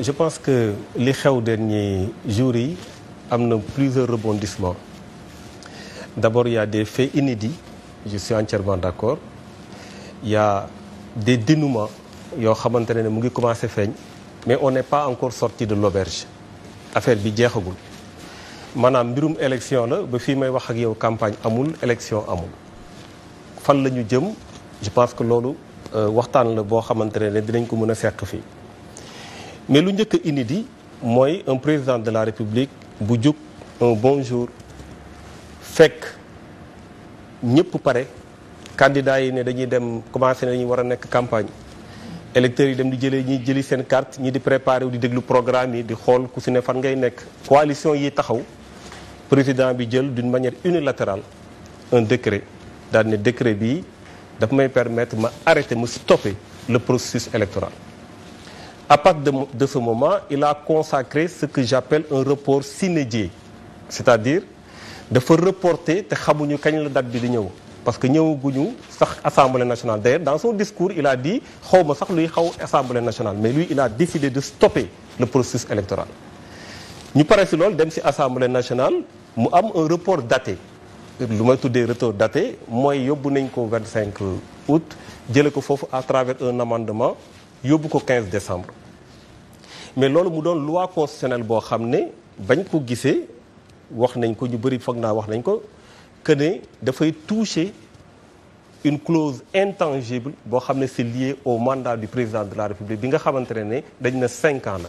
je pense que li xew dernier jour yi am na plusieurs rebondissements d'abord il y a des faits inédits je suis entièrement d'accord yaa y a des dénouements yoo xamante ne mu ngi commencer feeñ mais on n'est pas encore sorti de l'auberge affaire bi jeexagul maanaam mbirum élection la ba fii may wax ak yow campagne amul élection amul fan la ñu jëm je pense que loolu euh, waxtaan la boo xamante ne dinañ ko mën a seq fii mais lu njëkk a inédit mooy un président de la république bu jóg un bonjour fekk ñëpp pare candidats yi ne dañuy dem commencé ne dañuy war a nekk campagne électeurs yi dem di jëlee ñi jëli seen carte ñi di préparé wu di déglu programme yi di xool ku si ne fan ngay nekk coalition yi taxaw président bi jël d'une manière unilatérale un décret daal ne décret bi daf may permettre ma arrêter ma stopper le processus électoral À partir de, de ce moment, il a consacré ce que j'appelle un report synédié c'est-à-dire dafa reporter te xamuñu kañ la date bi di ñëw parce que ñëwaguñu sax assemblée nationale d'ailleurs dans son discours il a dit xaw ma sax luy xaw assemblée nationale mais lui il a décidé de stopper le processus électoral ñu pare si lool dem si assemblée nationale mu am un report daté lu may tuddee report daté mooy yóbbu nañ ko 25 août jële ko foofu à travers un amendement yóbbu ko 15 décembre mais loolu mu doon loi constitutionnelle boo xam ne bañ ko gisee wax nañ ko ñu bëri foog naa wax nañ ko que ne dafay toucher une clause intangible boo xam ne c'est lié au mandat du président de la République bi nga xamante ne ne dañ na cinq ans la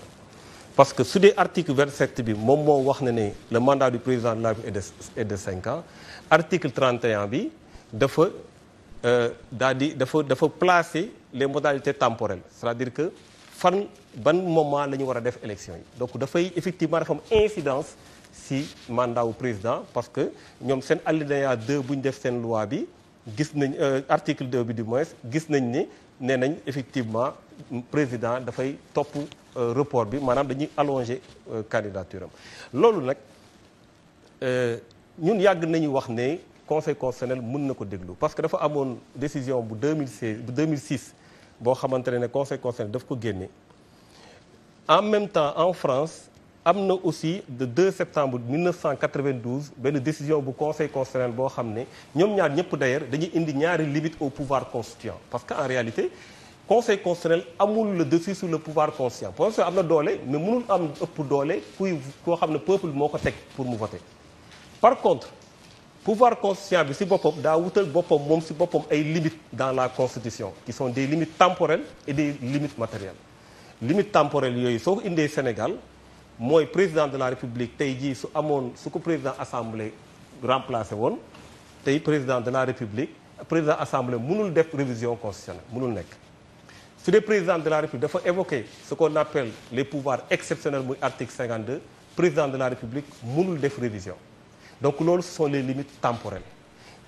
parce que su dee article 27 bi moom moo wax na ne le mandat du président de la République est de cinq ans article 31 bi dafa euh, daal di dafa dafa placer les modalités temporelles c'est-à-dire que fan ban moment la ñu war a def élection yi donc dafay effectivement dafa am incidence si mandat wu président parce que ñoom seen alinéa 2 bu ñu def seen loi bi gis nañ euh, article 2 bi di moins gis nañ ni nee nañ effectivement président dafay topp euh, report bi maanaam dañuy allonger euh, candidature am loolu nag ñun yàgg nañu wax ne conseil constitutionnel mun na ko déglu parce que dafa amoon décision bu 2016 bu 2006 boo xamante ne conseil concerné dafa ko génne en même temps en France am na aussi de 2 septembre 1992 benn décision bu conseil concerné boo xam ne ñoom ñaar ñëpp d'ailleurs dañuy indi ñaari limite au pouvoir constituant parce que en réalité conseil constitutionnel amul le dessus sur le pouvoir conscient parce am na doole mais mënul am ëpp doole kuy koo xam ne peuple moo ko teg pour mu voter par contre pouvoir constituant bi si boppam daa wutal boppam moom si boppam ay limites dans la constitution qui sont des limites temporelles et des limites matérielles limites temporelles yooyu soo ko indee Sénégal mooy président de la République tey jii su amoon su ko président assemblée remplacé woon tey président de la République président assemblée mënul def révision constitutionnelle mënul nekk su dee président de la République dafa évoquer ce qu'on appelle les pouvoirs exceptionnels muy article 52 président de la République mënul def révision donc loolu ce sont les limites temporelles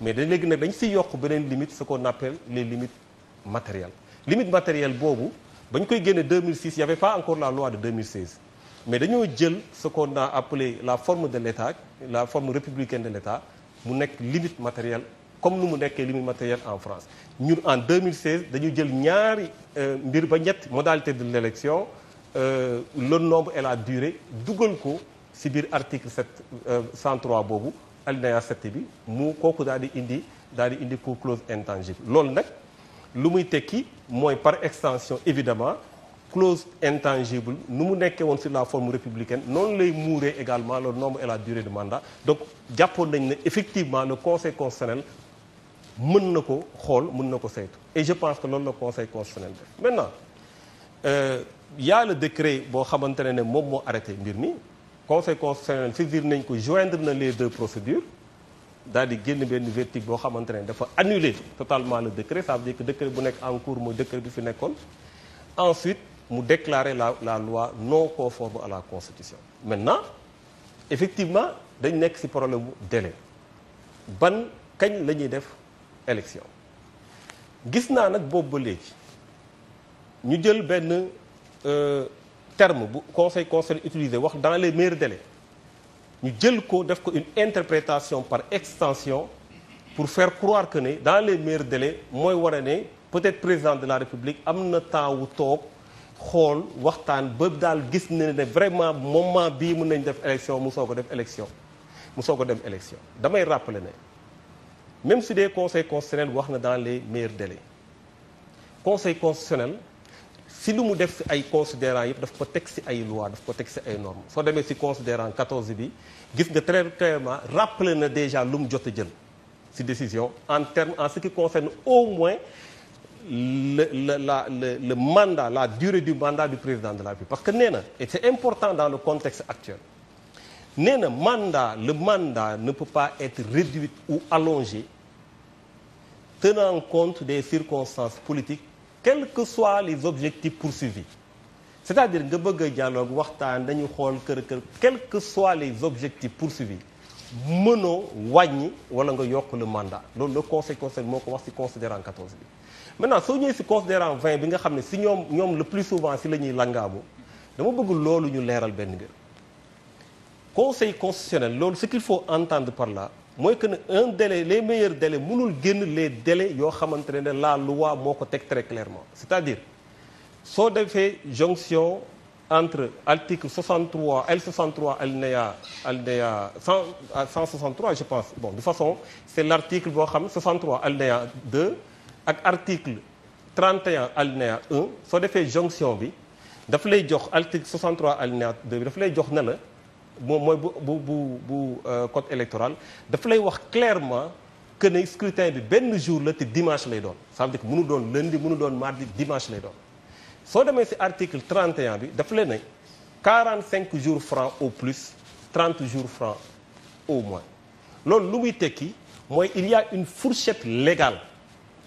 mais dañ léegi nag dañ siy yokk beneen limite ce qu'on appelle les limites matérielles limite matérielle boobu ba ñu koy génne 2006 y avait pas encore la loi de 2016 mais dañoo jël ce qu'on a la forme de l'État la forme républicaine de l'État mu nekk limite matérielle comme nu mu nekkee limite matérielle en France ñu en 2016 dañu jël ñaari euh, mbir ba ñett modalité de l'élection euh, le nombre et la durée dugal ko si biir article 7 103 euh, boobu alinéa 7 bi mu kooku daal di indi daal di indi pour clause intangible loolu nag lu muy tekki mooy par extension évidemment clause intangible nu mu nekkee woon si la forme républicaine noonu lay muuree également la nombre et la durée de mandat donc jàppoon nañ ne effectivement le conseil constitutionnel mën na ko xool mun na ko saytu et je pense que loolu la conseil constitutionnel def maintenant euh, y a le décret boo xamante ne ne moom moo arrêté mbir mi conseil constitutionnel saisir nañ ko joindre na les deux procédures daal di génn benn verdict boo xamante ne dafa annuler totalement le décret ça veut dire que décret bu nekk en cours mooy décret bi fi nekkoon ensuite mu déclarer la la loi non conforme à la constitution maintenant effectivement dañ nekk ci problème mu délai ban kañ la ñuy def élection gis naa nag boobu ba léegi ñu jël benn euh, terme bu conseil constitutionnel utilisé wax dana les meilleurs délais ñu jël ko def ko une interprétation par extension pour faire croire que ne dans les maire délais mooy wara a ne peut-être président de la république am na temps wu toog xool waxtaan ba daal gis na ne vraiment moment bii mun nañ def élection mu soog a def élection mu soog a dem élection damay rappeler ne même si des conseil constitutionnel wax na dans les meilleurs délais conseil constitutionnel si lu mu def si ay considérant yëpp daf ko teg si ay loi daf ko teg si ay normes soo demee si considérant 14 bi gis nga très clairement rappelé na déjà lu mu jot a jël si décision en terme en ce qui concerne au moins le le la le le la durée du mandat du président de la République parce que nee na et c'est important dans le contexte actuel nee na mandat le mandat ne peut pas être réduit ou allongé tenant compte des circonstances politiques quels que soient les objectifs poursuivis c'est-à-dire nga bëgg a dialogue waxtaan dañu xool kër kër quels que soient les objectifs poursuivis mënoo wàññi wala nga yokk le mandat loolu le conseil conseil moo ko wax ci considérant 14 bi maintenant soo ñëwee ci considérant 20 bi nga xam ne si ñoom ñoom le plus souvent ci la ñuy langaamu dama bëgg loolu ñu leeral benn mbir conseil constitutionnel loolu ce qu'il faut entendre par là mooy que ne un délai les meilleurs délais mënul génn les délais yoo xamante ne la loi moo ko teg très clairement c'est-à-dire soo defee jonction entre article 63 L63 alinéa alinéa 100 163 euh, je pense bon de toute façon c'est l'article boo xam 63 alinéa 2 ak article 31 alinéa 1 soo defee jonction bi daf lay jox article 63 alinéa 2 bi daf lay jox na moom mooy bu bu bu bu euh, code électoral dafa lay wax clairement que ne scrutin bi benn jour la te dimanche lay doon ça veut dire que mënu doon lundi mënu doon mardi dimanche lay doon soo demee ci article 31 bi daf lay quarante cinq jours francs au plus trente jours francs au moins loolu lu muy tekki mooy il y a une fourchette légale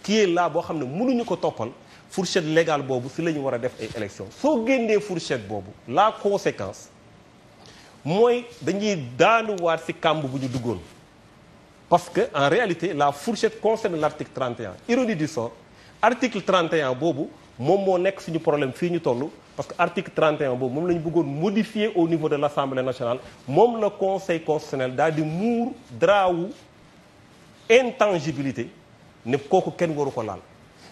qui est là boo xam ne mënuñu ko toppal fourchette légal boobu si la ñu war a def ay élections soo génnee fourchette boobu la conséquence mooy dañuy daanuwaat ci kàmb bu ñu duggoon parce que en réalité la fourchette concerne l'article 31 ironie du sort article 31 boobu moom moo nekk suñu problème fii ñu toll parce que article 31 boobu moom lañu ñu bëggoon modifier au niveau de l'Assemblée nationale moom la conseil constitutionnel daal di muur draawu intangibilité ne kooku kenn waru ko laal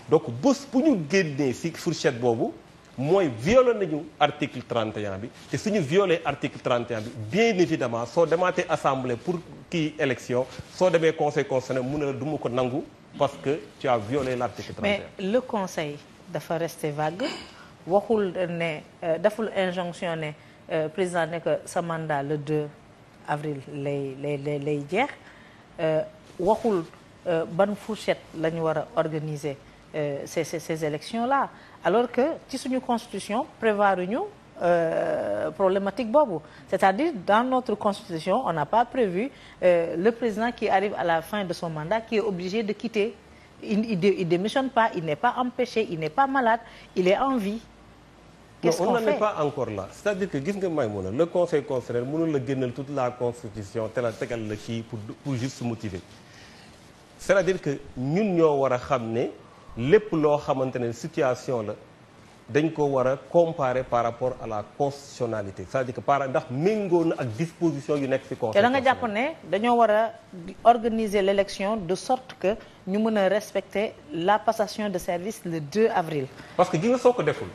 donc bu ñu génnee ci fourchette boobu mooy violé nañu article 31 bi te suñu violé article 31 bi bien évidemment soo demaatee assemblée pour kii élection soo demee conseil constitutionnel mu ne la du ko nangu parce que ci tu as la l'article 31 mais le conseil dafa resté vague waxul ne euh, deful injonction ne euh, président ne que sa mandat le 2 avril lay lay lay lay jeex euh, waxul ban fourchette la ñu war a organiser ces ces ces élections là alors que ci suñu constitution prévoir ñu euh, problématique boobu c'est-à-dire dans notre constitution on n'a pas prévu euh, le président qui arrive à la fin de son mandat qui est obligé de quitter il il, il démissionne pas il n'est pas empêché il n'est pas malade il est en vie. qu'est-ce qu'on on n'en pas encore là c'est-à-dire que gis nga Maïmouna le conseil constitutionnel mënul la génnal toute la constitution te pour pour juste se motiver c'est-à-dire que ñun ñoo war a xam ne. lépp loo xamante ne situation la dañ ko war a comparer par rapport à la constitutionnalité cest sa dire que par ndax méngoo na ak disposition yu nekk ci constitution. te da nga jàpp ne dañoo war a organiser l'élection de sorte que ñu mën a respecter la passation de service le 2 avril. parce que gi soo ko deful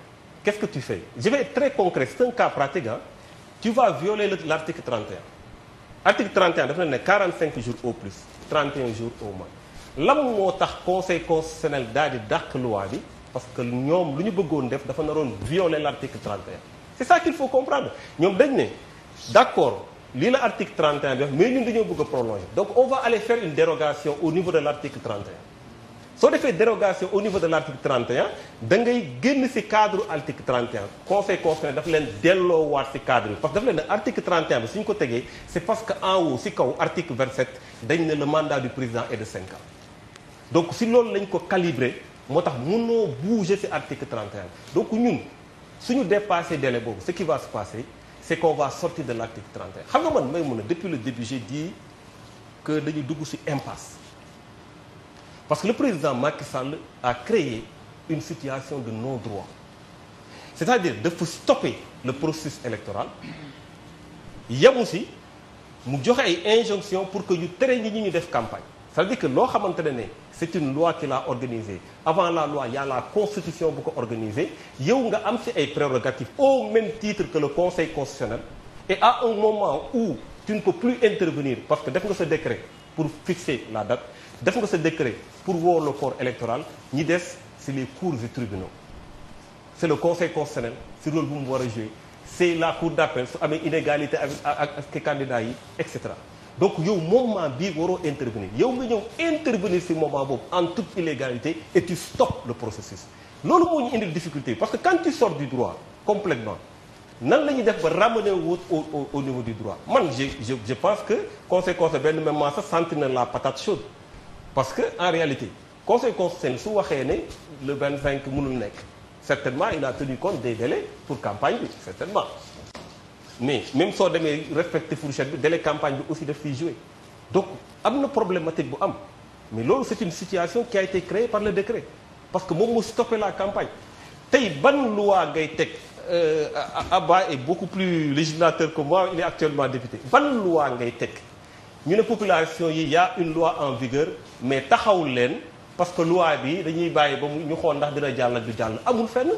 que tu fais je vais être très concret c'est un cas pratique ah tu vas violer l'article 31 article 31 dafa ne ne jours au plus 31 jours au moins. lan moo tax conseil constitutionnel daal di dàq loi bi parce que ñoom lu ñu bëggoon def dafa naroon violer l' article 31 c' est ça qu'il faut comprendre ñoom dañ ne d' accord lii la article 31 bi mais ñun dañoo bëgg a prolonger donc on va aller faire une dérogation au niveau de l' article 31 soo defee dérogation au niveau de l' article 31 da ngay génn ci cadre article 31 conseil constitutionnel dafa leen delloowaat ci cadre bi parce que dafa leen ne article 31 ko tegee c' est que en haut ci kaw dañ ne le mandat du président est donc si loolu lañ ko calibré moo tax mënoo bouger si article 31 donc ñun suñu dépassé délai boobu ce qui va se passer c' est qu'on va sorti de l' article 31 xam nga man may mun a depuis le début j'ai dit que dañu dugg si impasse parce que le président Macky Sall a créé une situation de non droit c'est-à-dire dafa stopper le processus électoral yemu si mu joxe ay injonction pour que ñu tere ñi ñu ñu def campagne c'est-à-dire que loo xamante ne ne c'est une loi qui l'a organisée avant la loi il y a la constitution bu ko organisée yow nga am ci ay prérogatives au même titre que le conseil constitutionnel et à un moment où tu ne peux plus intervenir parce que def nga sa décret pour fixer la date def nga sa décret pour woo le corps électoral ñi des c'est les cours du tribunal c'est le conseil constitutionnel ci rôle bu mu war a jouer c'est la cour d'appel su amee inégalité ak ak candidat yi et cetera donc yow moment bii waroo intervenir yow ma ñëw intervenir si moment boobu en toute illégalité et tu stoppes le processus loolu moo ñu indi difficulté parce que quand tu sors du droit complètement nan la ñuy def ba ramener wut au au niveau du droit man je je je pense que conseil constitutionnel benn même maa sax na la patat chaude parce que en réalité conseil constitutionnel su waxee ne le vingt 25 mënul nekk certainement il a tenu compte des délais pour campagne bi certainement mais même soo demee respecté fourchette bi délai campagne bi aussi daf fiy joué donc am na problématique bu am mais loolu c'est une situation qui a été créée par le décret parce que moom moo stoppé la campagne tey ban loi ngay teg Abba euh, est beaucoup plus législateur que moi il est actuellement député ban loi ngay teg ñu ne population yi y une loi en vigueur mais taxawul leen parce que loi bi dañuy bàyyi ba mu ñu xool ndax dina jàll ak du jàll amul fenn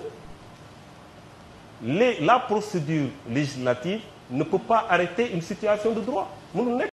les la procédure législative ne peut pas arrêter une situation de droit mënul nekk